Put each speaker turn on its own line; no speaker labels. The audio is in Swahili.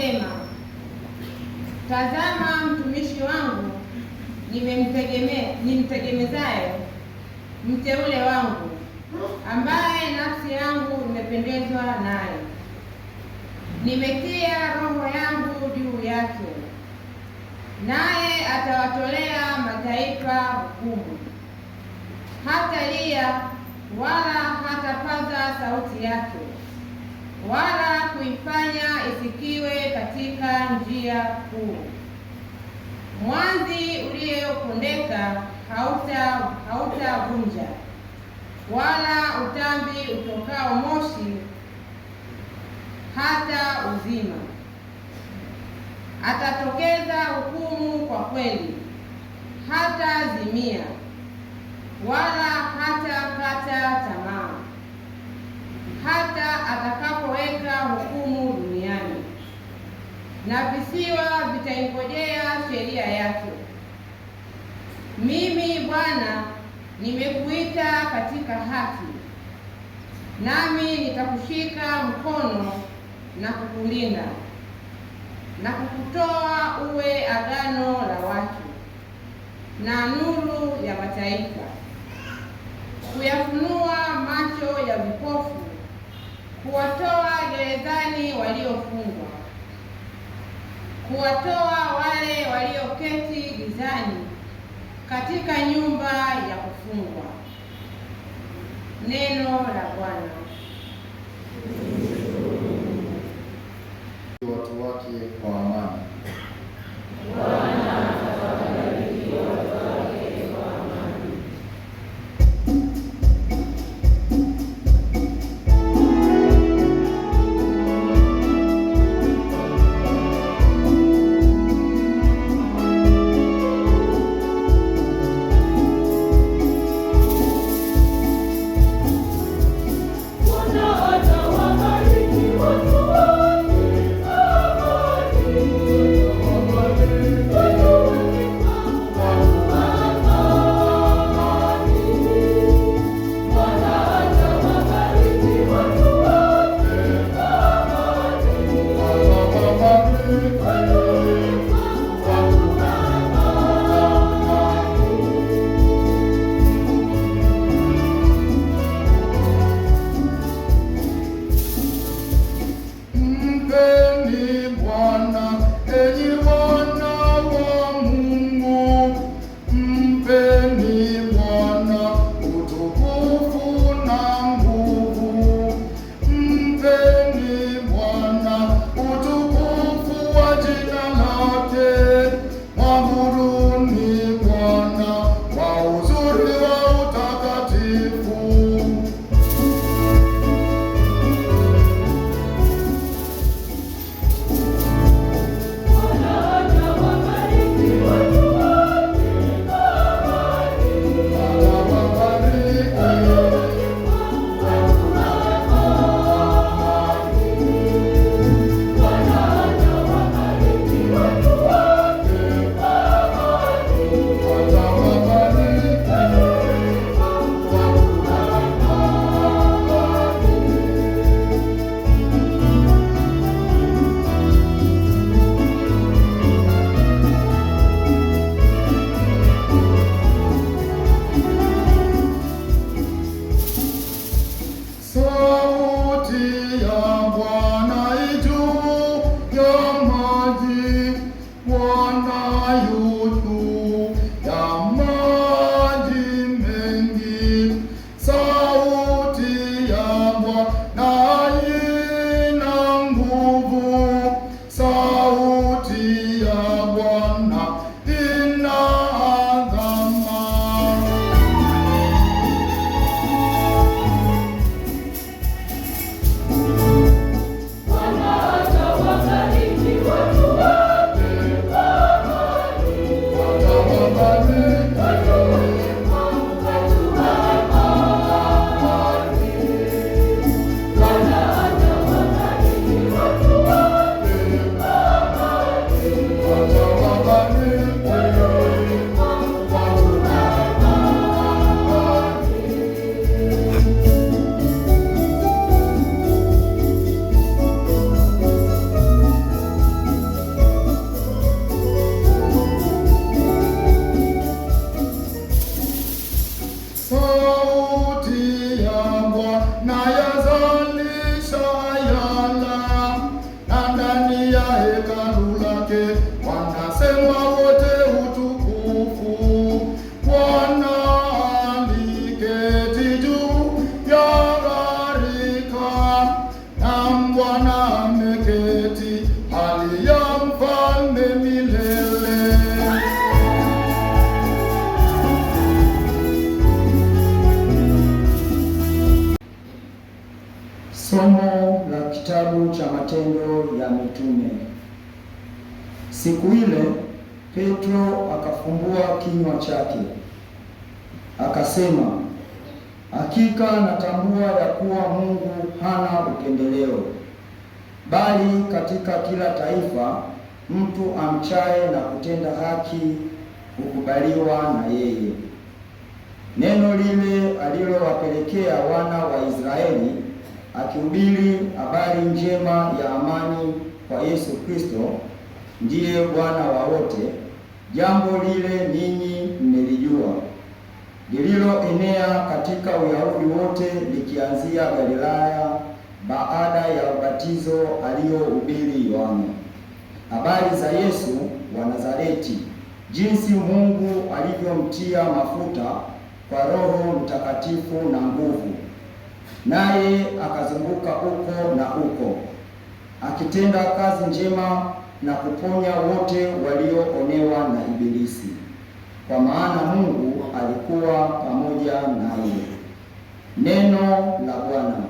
akasema, tazama mtumishi wangu nimemtegemea nimtegemezayo, mteule wangu ambaye nafsi yangu imependezwa naye, nimetia roho yangu juu yake, naye atawatolea mataifa hukumu, lia wala hatapaza sauti yake wala kuifanya isikiwe katika njia kuu. Mwanzi uliopondeka hauta hautavunja, wala utambi utokao moshi hata uzima. Atatokeza hukumu kwa kweli, hata zimia wala hata kata tamaa hata atakapoweka hukumu duniani, na visiwa vitaingojea sheria yake. Mimi Bwana nimekuita katika haki, nami nitakushika mkono na kukulinda na kukutoa uwe agano la watu na nuru ya mataifa, kuyafunua macho ya vipofu kuwatoa gerezani waliofungwa, kuwatoa wale walioketi gizani katika nyumba ya kufungwa. Neno la Bwana.
そ Bwana ameketi, hali ya mfalme milele. Somo la kitabu cha Matendo ya Mitume. Siku ile Petro akafumbua kinywa chake akasema, hakika natambua ya kuwa Mungu hana upendeleo bali katika kila taifa mtu amchaye na kutenda haki hukubaliwa na yeye. Neno lile alilowapelekea wana wa Israeli, akihubiri habari njema ya amani kwa Yesu Kristo, ndiye Bwana wa wote. Jambo lile ninyi mmelijua, lililoenea katika Uyahudi wote likianzia Galilaya baada ya ubatizo aliyohubiri Yohana, habari za Yesu wa Nazareti, jinsi Mungu alivyomtia mafuta kwa Roho Mtakatifu na nguvu, naye akazunguka uko na uko akitenda kazi njema na kuponya wote walioonewa na Ibilisi, kwa maana Mungu alikuwa pamoja naye. Neno la Bwana.